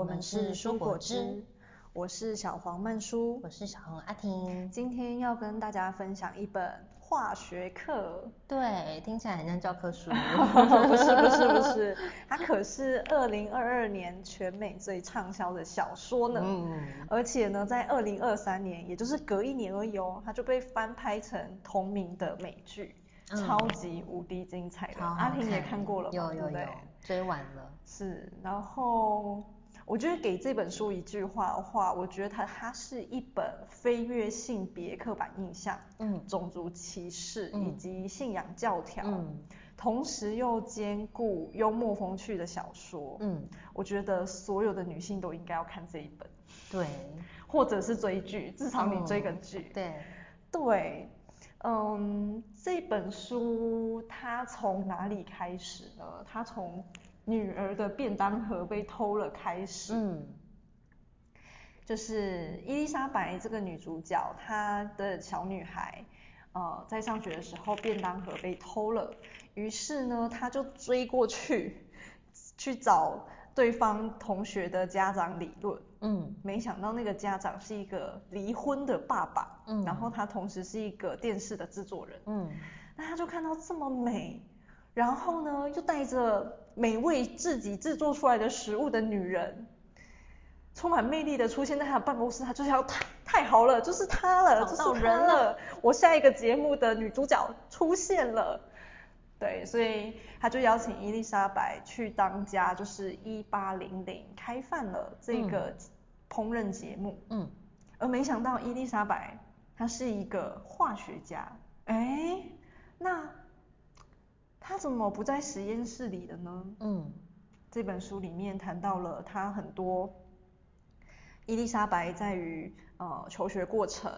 我們是蔬果汁，我是小黃曼書，我是小紅阿婷。今天要跟大家分享一本化學課，對，聽起來很像教科書， 不是不是不是，不是，它可是二零二二年全美最暢銷的小說呢。嗯、而且呢，在二零二三年，也就是隔一年而已哦，它就被翻拍成同名的美劇，嗯、超級無敵精彩的。阿婷也看過了？有，有有有，追完了。是，然後。我覺得給這本書一句話的話，我覺得它它是一本飛躍性別刻板印象、嗯，種族歧視、嗯、以及信仰教條，嗯，同時又兼顧幽默風趣的小說，嗯，我覺得所有的女性都應該要看這一本，對，或者是追劇，至少你追個劇，嗯、對，對，嗯，這本書它從哪裡開始呢？它從。女兒的便當盒被偷了。開始，嗯，就是伊麗莎白這個女主角，她的小女孩，呃，在上學的時候便當盒被偷了，於是呢，她就追過去，去找對方同學的家長理論，嗯，沒想到那個家長是一個離婚的爸爸，嗯，然後她同時是一個電視的制作人，嗯，那她就看到這麼美，然後呢，又帶着。每位自己製作出來的食物的女人，充滿魅力的出現在他的辦公室，他就想太太好了，就是她了，就是她了， 我下一個節目的女主角出現了。對，所以他就邀請伊麗莎白去當家，就是一八零零開飯了這個烹飪節目。嗯，而沒想到伊麗莎白她是一個化學家。哎，那。她怎麼不在實驗室裡的呢？嗯，這本書裡面談到了他很多伊麗莎白在於呃求學過程，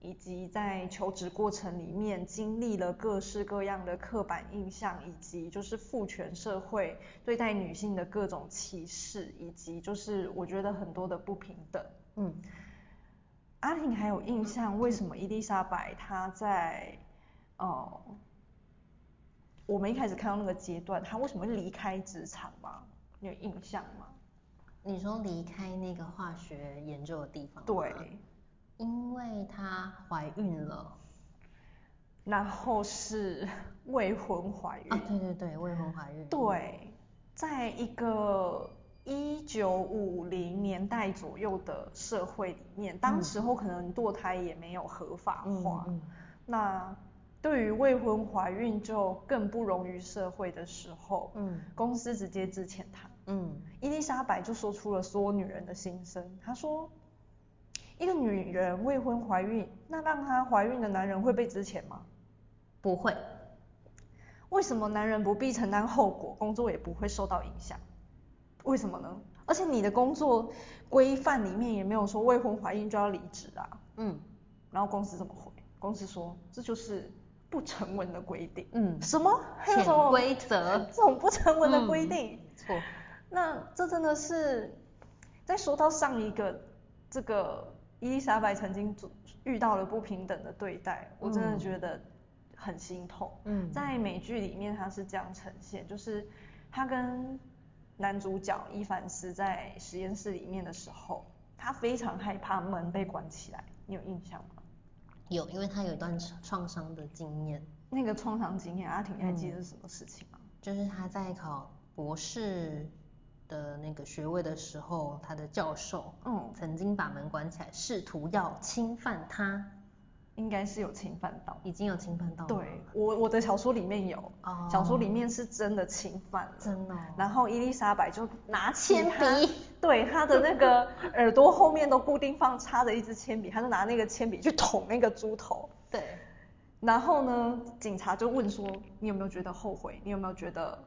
以及在求職過程裡面經歷了各式各樣的刻板印象，以及就是父權社會對待女性的各種歧視，以及就是我覺得很多的不平等。嗯，阿婷還有印象為什麼伊麗莎白她在呃？我們一開始看到那個階段，她為什麼會離開職場嗎？你有印象嗎？你說離開那個化學研究的地方？對，因為她懷孕了，然後是未婚懷孕。啊，對對對，未婚懷孕。對，在一個一九五零年代左右的社會裡面，當時候可能墮胎也沒有合法化，嗯。那。對於未婚懷孕就更不容於社會的時候，嗯，公司直接資遣她，嗯，伊麗莎白就說出了所有女人的心聲，她說，一個女人未婚懷孕，那讓她懷孕的男人會被資遣嗎？不會，為什麼男人不必承擔後果，工作也不會受到影響？為什麼呢？而且你的工作規範裡面也沒有說未婚懷孕就要離職啊，嗯，然後公司怎麼回？公司說這就是。不成文的規定，嗯，什麼？還有什麼規則？這種不成文的規定，錯、嗯。那這真的是再說到上一個這個伊莉莎白曾經遇到了不平等的對待，嗯、我真的覺得很心痛。嗯，在美劇裡面她是這樣呈現，就是她跟男主角伊凡斯在實驗室裡面的時候，她非常害怕門被關起來，你有印象嗎？有，因為他有一段創傷的經驗。那個創傷經驗，阿婷還記得是什麼事情嗎？啊，嗯？就是他在考博士的那個學位的時候，嗯，他的教授曾經把門關起來，試圖要侵犯他。應該是有侵犯到，已經有侵犯到。對我，我的小說裡面有，oh, 小說裡面是真的侵犯了。真的、哦。然後伊麗莎白就拿鉛筆，筆對，她的那個耳朵後面都固定放插着一支鉛筆，她就拿那個鉛筆去捅那個豬頭。對。然後呢，警察就問說：“你有沒有覺得後悔？你有沒有覺得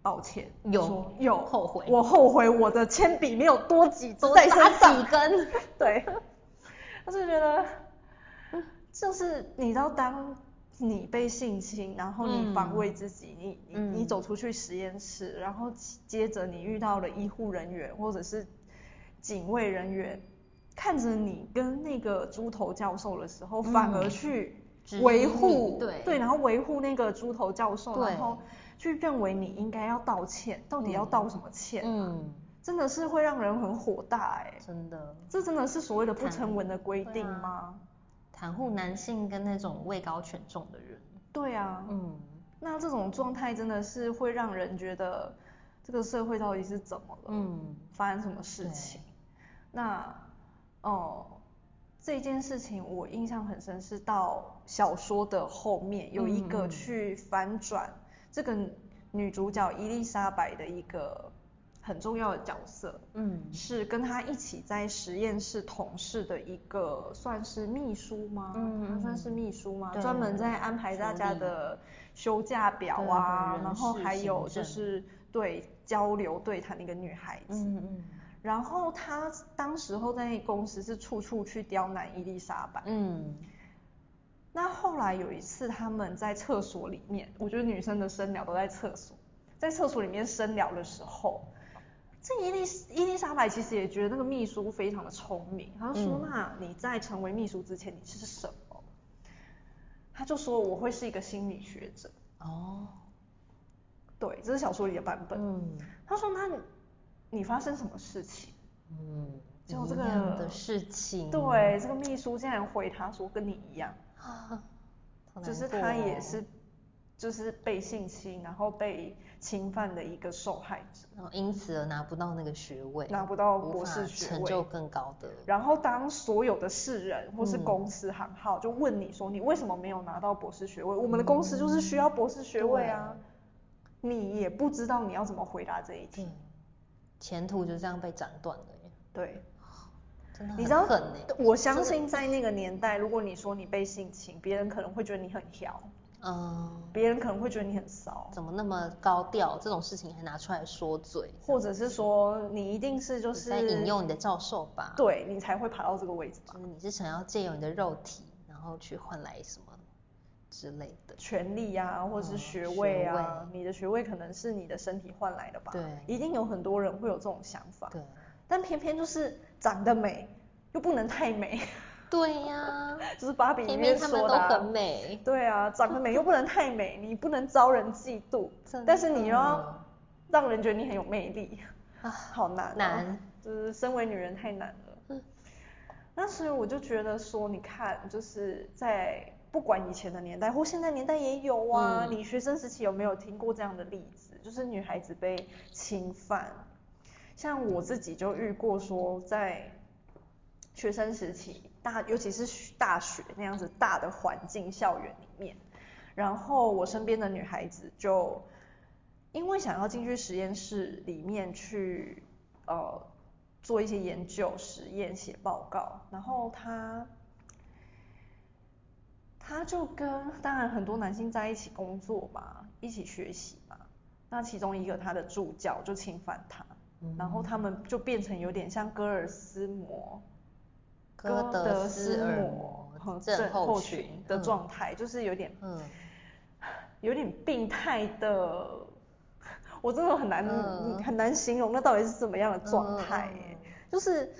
抱歉？”有，有。後悔。我後悔我的鉛筆沒有多幾，多長幾根。 對。 他就覺得。就是你知道，當你被性侵，然後你防衛自己，嗯、你你你走出去實驗室，嗯、然後接着你遇到了醫護人員或者是警衛人員，看着你跟那個豬頭教授的時候，嗯、反而去維護對對，然後維護那個豬頭教授，對然後去認為你應該要道歉，到底要道什麼歉？啊？嗯，真的是會讓人很火大哎，欸，真的，這真的是所謂的不成文的規定嗎？袒護男性跟那種位高權重的人。對啊，嗯，那這種狀態真的是會讓人覺得這個社會到底是怎麼了？嗯，發生什麼事情？對那，哦，這件事情我印象很深，是到小說的後面有一個去反轉這個女主角伊麗莎白的一個，很重要的角色，嗯，是跟他一起在實驗室同事的一個，算是秘書嗎？嗯，他算是秘書嗎？嗯、專門在安排大家的休假表啊，然後還有就是對交流對他那個女孩子，嗯，嗯，然後他當時候在那公司是處處去刁難伊麗莎白，嗯，那後來有一次他們在廁所裡面，我覺得女生的深聊都在廁所，在廁所裡面深聊的時候。這伊麗伊麗莎白其實也覺得那個秘書非常的聰明，他說：“嗯、那你在成為秘書之前，你是什麼？”他就說：“我會是一個心理學者。”哦，對，這是小說裡的版本。嗯，他說他：“那你，你發生什麼事情？”嗯，就這個人的事情。對，這個秘書竟然回他說：“跟你一樣。”啊，哦、就是他也是。就是被性侵，然後被侵犯的一個受害者，然後因此而拿不到那個學位，拿不到博士學位，成就更高的。然後當所有的世人或是公司行號、嗯、就問你說你為什麼沒有拿到博士學位？嗯、我們的公司就是需要博士學位啊，嗯、你也不知道你要怎麼回答這一題，嗯、前途就這樣被斬斷了。對，真的很你知道，都我相信在那個年代，的如果你說你被性侵，別人可能會覺得你很挑。嗯，別人可能會覺得你很騷，怎麼那麼高調？對這種事情還拿出來說嘴，或者是說你一定是就是在引誘你的教授吧？對，你才會爬到這個位置吧？就是你是想要借用你的肉體，然後去換來什麼之類的權利呀、啊，或者是學位啊？嗯、位你的學位可能是你的身體換來的吧？對，一定有很多人會有這種想法。對，但偏偏就是長得美，又不能太美。對呀、啊， 就是芭比裡面說的、啊。他們都很美。對啊，長得美又不能太美， 你不能招人嫉妒。但是你又要讓人覺得你很有魅力。啊，好難、啊。難。就是身為女人太難了。嗯。那所以我就覺得說，你看，就是在不管以前的年代或現在年代也有啊。嗯、你學生時期有沒有聽過這樣的例子？就是女孩子被侵犯。像我自己就遇過說，在學生時期。大，尤其是大學那樣子大的環境，校園裡面，然後我身邊的女孩子就因為想要進去實驗室裡面去呃做一些研究實驗寫報告，然後她她就跟當然很多男性在一起工作嘛，一起學習嘛，那其中一個她的助教就侵犯她，嗯哼，然後他們就變成有點像戈爾斯摩。斯德哥爾摩症候群的狀態，嗯、就是有點嗯，有點病態的，我真的很難、嗯、很難形容那到底是怎麼樣的狀態哎，嗯、就是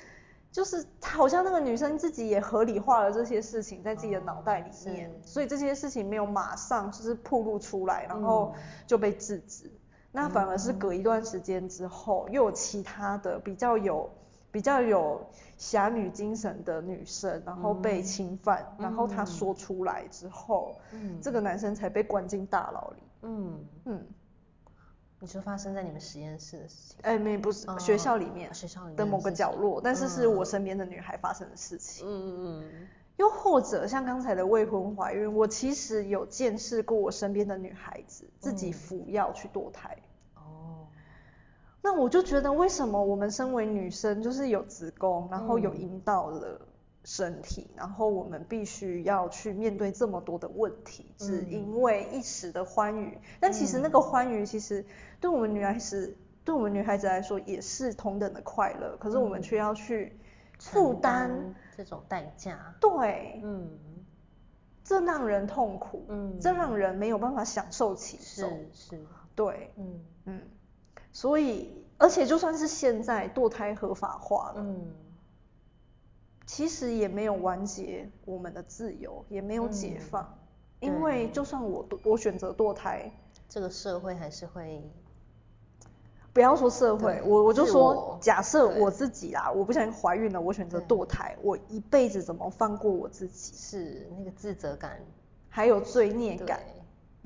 就是好像那個女生自己也合理化了這些事情在自己的腦袋裡面，嗯、所以這些事情沒有馬上就是暴露出來，然後就被制止，嗯、那反而是隔一段時間之後、嗯、又有其他的比較有。比較有俠女精神的女生，然後被侵犯，嗯、然後她說出來之後，嗯、這個男生才被關進大牢裡。嗯嗯。嗯嗯，你說發生在你們實驗室的事情？哎，沒不是、哦、學校裡面，學校裡面的某個角落，啊、但是是我身邊的女孩發生的事情。嗯嗯。嗯，又或者像剛才的未婚懷孕，我其實有見識過我身邊的女孩子自己服藥去墮胎。嗯那我就覺得，為什麼我們身為女生，就是有子宮，然後有陰道的身體，嗯、然後我們必須要去面對這麼多的問題，只、嗯、因為一時的歡愉。嗯、但其實那個歡愉，其實對我們女孩子，嗯、對我們女孩子來說，也是同等的快樂。可是我們卻要去負擔，承擔這種代價。對，嗯，這讓人痛苦，嗯，這讓人沒有辦法享受其中。是嗎？是對，嗯嗯。嗯所以，而且就算是現在墮胎合法化了，嗯，其實也沒有完結我們的自由，也沒有解放。嗯、因為就算我對我選擇墮胎，這個社會還是會，不要說社會，我我，我就說假設我自己啦，對我不小心懷孕了，我選擇墮胎，對我一輩子怎麼放過我自己？是那個自責感，還有罪孽感。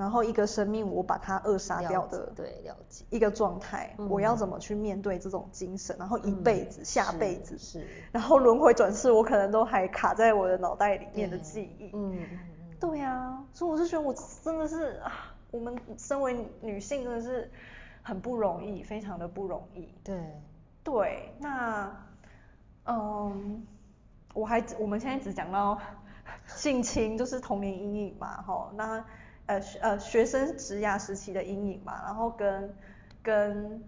然後一個生命我把它扼殺掉的，對，了解一個狀態，我要怎麼去面對這種精神？然後一輩子、下輩子，是，然後輪迴轉世，我可能都還卡在我的腦袋裡面的記憶。嗯，對呀，所以我就覺得我真的是我們身為女性真的是很不容易，非常的不容易。對，對，那，嗯，我還我們現在只講到性侵，就是童年陰影嘛，哈，那。呃呃，學生職涯時期的陰影嘛，然後跟跟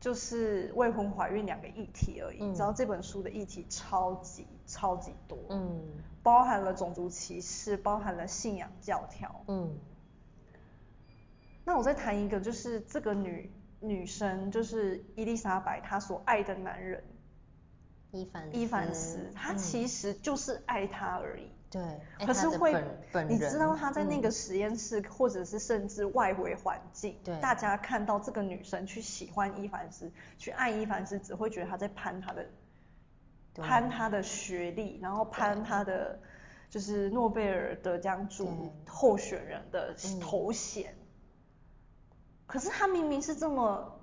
就是未婚懷孕兩個議題而已。嗯、你知道這本書的議題超級超級多，嗯，包含了種族歧視，包含了信仰教條，嗯。那我再談一個，就是這個女女生就是伊麗莎白，她所愛的男人伊凡伊凡斯，他、嗯、其實就是愛她而已。對，可是會，你知道他在那個實驗室，或者是甚至外圍環境，對，大家看到這個女生去喜歡伊凡斯，去愛伊凡斯，只會覺得他在攀他的，攀他的學歷，然後攀他的就是諾貝爾得獎主候選人的頭銜。可是她明明是這麼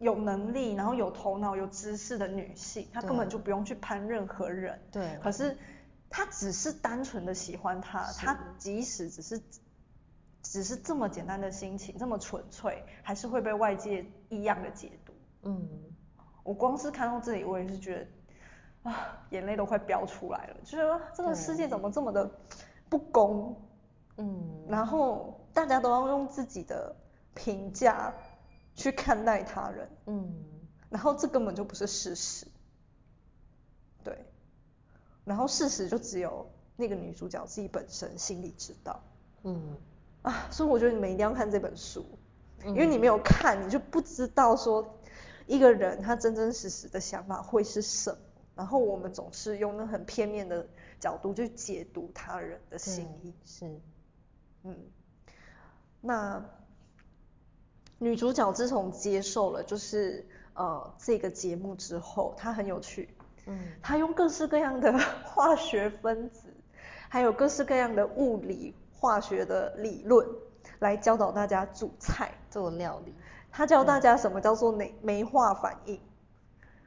有能力，然後有頭腦、有知識的女性，她根本就不用去攀任何人。對，可是。他只是單純的喜歡他，是他即使只是，只是這麼簡單的心情，這麼純粹，還是會被外界異樣的解讀。嗯，我光是看到這裡，我也是覺得，啊，眼淚都快飆出來了。就是說這個世界怎麼這麼的不公？嗯對，然後大家都要用自己的評價去看待他人。嗯，然後這根本就不是事實。然後事實就只有那個女主角自己本身心裡知道。嗯啊，所以我覺得你們一定要看這本書，因為你沒有看，你就不知道說一個人他真真實實的想法會是什麼。然後我們總是用那很片面的角度去解讀他人的心意。嗯、是，嗯。那女主角自從接受了就是呃這個節目之後，她很有趣。嗯，他用各式各樣的化學分子，還有各式各樣的物理化學的理論來教導大家煮菜做料理。他教大家什麼、嗯、叫做梅納化反應？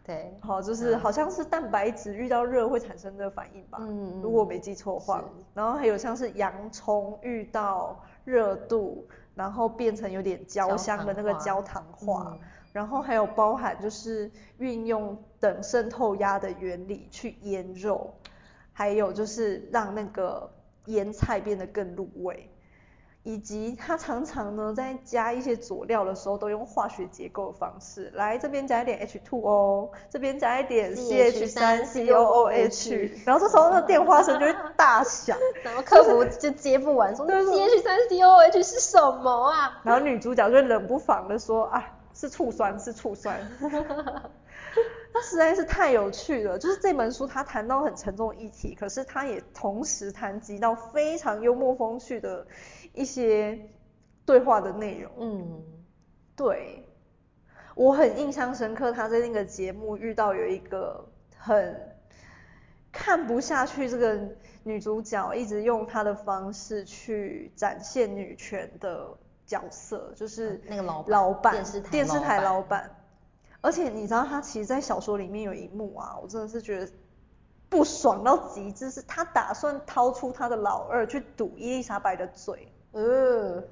對，好，就是好像是蛋白質遇到熱會產生的反應吧？嗯。如果我沒記錯的話。是然後還有像是洋蔥遇到熱度，對然後變成有點焦香的那個焦糖化。然後還有包含就是運用等滲透壓的原理去醃肉，還有就是讓那個醃菜變得更入味，以及他常常呢在加一些佐料的時候都用化學結構的方式來這邊加一點 H2O，這邊加一點 CH3COOH， 然後這時候那個電話聲就會大響， 怎麼客服就接不完，就是就是、說那 CH CH3COOH 是什麼啊？然後女主角就冷不防的說啊。是醋酸，是醋酸。那 實在是太有趣了，就是這本書他談到很沉重的議題，可是他也同時談及到非常幽默風趣的一些對話的內容。嗯，對，我很印象深刻，他在那個節目遇到有一個很看不下去這個女主角一直用她的方式去展現女權的。角色就是那個老闆，電視台老闆。老闆而且你知道他其實，在小說裡面有一幕啊，我真的是覺得不爽到極致，是他打算掏出他的老二去堵伊麗莎白的嘴。嗯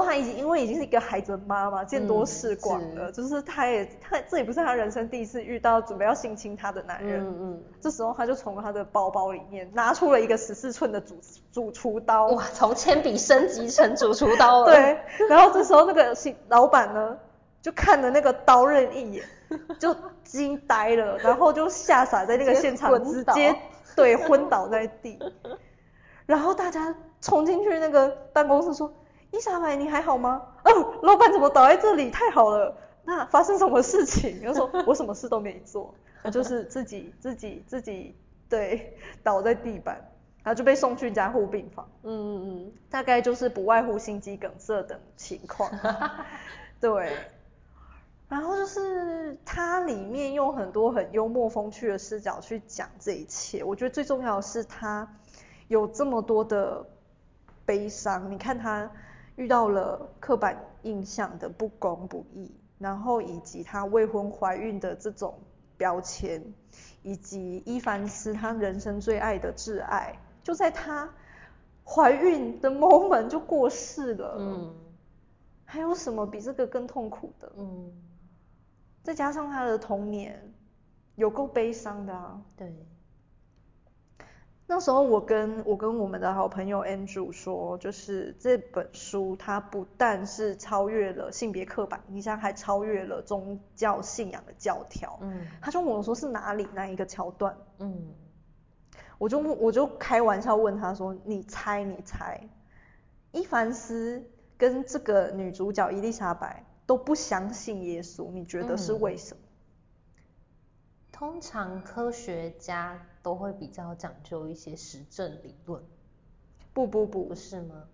說她已經，因為已經是一個孩子的媽媽，見多識廣了，嗯、是就是她也她這也不是她人生第一次遇到準備要性侵她的男人。嗯嗯。嗯，這時候她就從她的包包裡面拿出了一個十四寸的主主廚刀，哇，從鉛筆升級成主廚刀了。 對。然後這時候那個新老闆呢，就看了那個刀刃一眼，就驚呆了，然後就嚇傻在那個現場，直接，直接對昏倒在地。 然後大家衝進去那個辦公室說。伊莎白，你還好嗎？哦，老板怎麼倒在這裡？太好了，那發生什麼事情？比如 說我什麼事都沒做，就是自己自己自己對倒在地板，然後就被送去加護病房。嗯，嗯,嗯大概就是不外乎心肌梗塞等情況。對，然後就是他裡面用很多很幽默風趣的視角去講這一切。我覺得最重要的是他有這麼多的悲傷，你看他。遇到了刻板印象的不公不義，然後以及她未婚懷孕的這種標籤，以及伊凡斯他人生最愛的摯愛，就在她懷孕的 moment 就過世了。嗯，還有什麼比這個更痛苦的？嗯，再加上他的童年，有夠悲傷的啊。對。那時候我跟我跟我們的好朋友 Andrew 說，就是這本書它不但是超越了性別刻板印象，還超越了宗教信仰的教條。嗯，他就問我說是哪裡那一個橋段？嗯，我就我就開玩笑問他說，你猜你猜，伊凡斯跟這個女主角伊莉莎白都不相信耶穌，你覺得是為什麼？嗯通常科學家都會比較講究一些實證理論。不不不，不是嗎？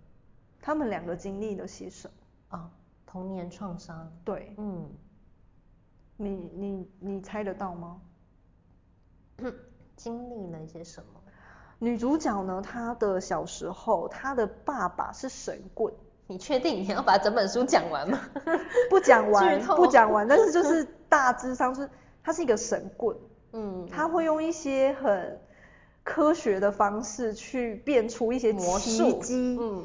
他們兩個經歷了些什麼啊？童年創傷。對，嗯，你你你猜得到嗎？經歷了一些什麼？女主角呢？她的小時候，她的爸爸是神棍。你確定你要把整本書講完嗎？ 不講完，透不講完。但是就是大致上 是。他是一個神棍，嗯，他會用一些很科學的方式去變出一些奇蹟，嗯，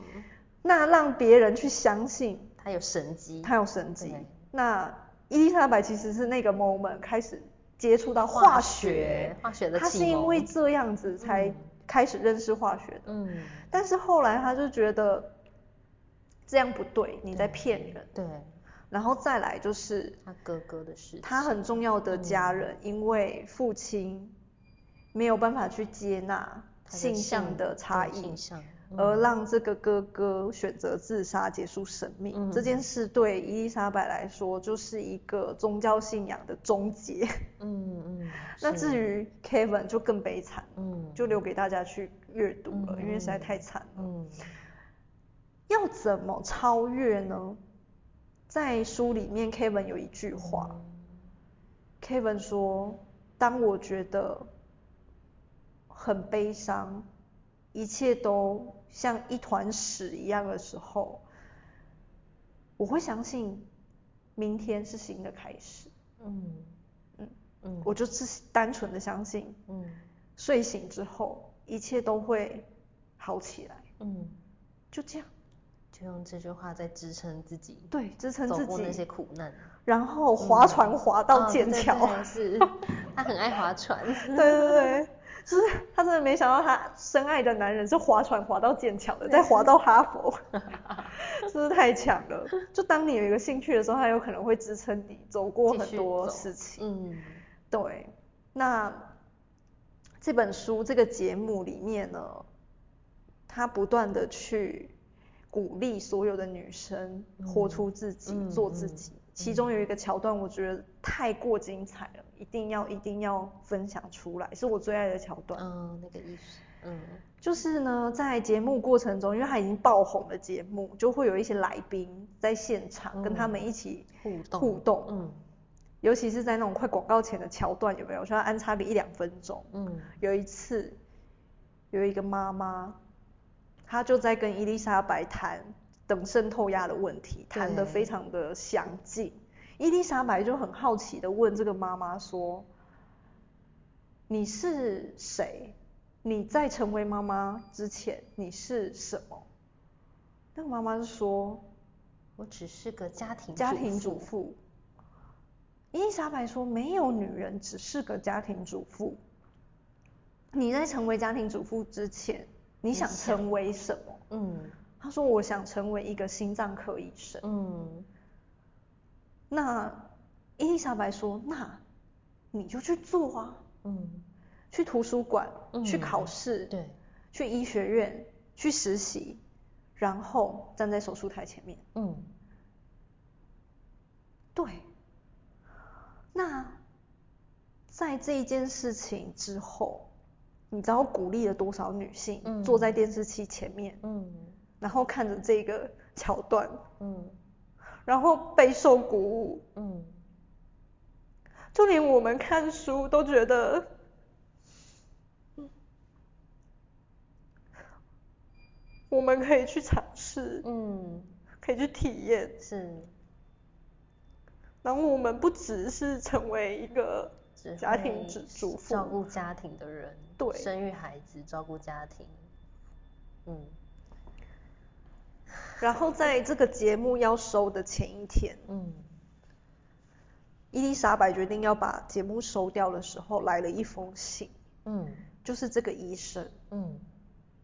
那讓別人去相信他有神蹟，他有神蹟。對那伊莉莎白其實是那個 moment 開始接觸到化學，化學，化學的，他是因為這樣子才開始認識化學的，嗯，但是後來他就覺得這樣不對，你在騙人，對。對然後再來就是他哥哥的事情，他很重要的家人，嗯、因為父親沒有辦法去接納性向的差異，性向嗯、而讓這個哥哥選擇自殺結束生命。嗯、這件事對伊麗莎白來說就是一個宗教信仰的終結。嗯嗯。嗯，那至於 Kevin 就更悲慘了，嗯，就留給大家去閱讀了，嗯、因為實在太慘了。嗯嗯、要怎麼超越呢？嗯在書裡面，Kevin 有一句話、mm.，Kevin 說：“當我覺得很悲傷，一切都像一團屎一樣的時候，我會相信明天是新的開始。嗯嗯嗯，我就是單純的相信，mm. 睡醒之後一切都會好起來。嗯，mm. 就這樣。”就用這句話在支撐自、自己，對，支撐自己走過那些苦難，嗯、然後划船划到劍橋，嗯哦、是， 他很愛划船，對對對，就是他真的沒想到他深愛的男人是划船划到劍橋的，是再划到哈佛，真 是、是太強了。就當你有一個興趣的時候，他有可能會支撐你走過很多事情，嗯，對。那、嗯、這本書這個節目裡面呢，他不斷地去。鼓勵所有的女生活出自己，嗯、做自己。嗯嗯、其中有一個橋段，我覺得太過精彩了，嗯、一定要一定要分享出來，是我最愛的橋段。嗯，那個意思。嗯，就是呢，在節目過程中，因為它已經爆紅的節目，就會有一些來賓在現場跟他們一起互動，嗯，互動，嗯，尤其是在那種快廣告前的橋段，有沒有？說要安插個一兩分鐘。嗯，有一次，有一個媽媽。他就在跟伊麗莎白談等滲透壓的問題，談得對非常的詳盡。對伊麗莎白就很好奇的問這個媽媽說：“你是誰？你在成為媽媽之前，你是什麼？”那個媽媽就說：“我只是個家庭家庭主婦。”伊麗莎白說：“沒有女人只是個家庭主婦。你在成為家庭主婦之前。”你想成為什麼？嗯，他說我想成為一個心臟科醫生。嗯，那伊麗莎白說，那你就去做啊。嗯，去圖書館，嗯、去考試，對，去醫學院，去實習，然後站在手術台前面。嗯，對。那在這一件事情之後。你知道鼓勵了多少女性坐在電視機前面，嗯，嗯，然後看着這個橋段，嗯，然後備受鼓舞，嗯，就連我們看書都覺得，我們可以去嘗試，嗯，可以去體驗，是，然後我們不只是成為一個家庭主婦，只照顧家庭的人。對，生育孩子，照顧家庭，嗯。然後在這個節目要收的前一天，嗯，伊麗莎白決定要把節目收掉的時候，來了一封信，嗯，就是這個醫生，嗯，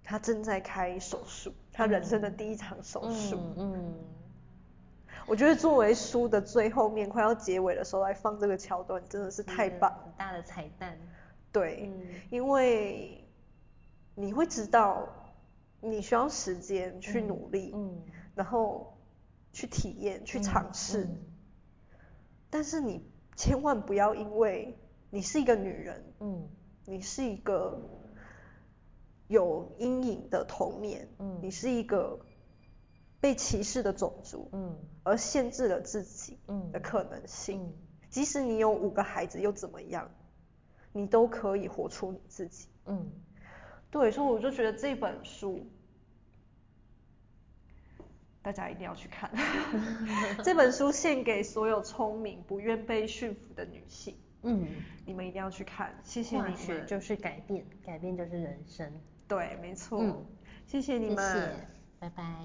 他正在開手術，他人生的第一場手術，嗯，嗯嗯，我覺得作為書的最後面，快要結尾的時候來放這個橋段，真的是太棒，很大的彩蛋。對，嗯、因為你會知道你需要時間去努力，嗯嗯、然後去體驗、嗯、去嘗試。嗯嗯、但是你千萬不要因為你是一個女人，嗯、你是一個有陰影的童年，嗯、你是一個被歧視的種族，嗯、而限制了自己的可能性。嗯、即使你有五個孩子又怎麼樣？你都可以活出你自己。嗯，對，所以我就覺得這本書大家一定要去看。 這本書獻給所有聰明、不願被馴服的女性。嗯，你們一定要去看，謝謝你們。人就是改變，改變就是人生。對，沒錯。嗯，謝謝你們，謝謝，拜拜。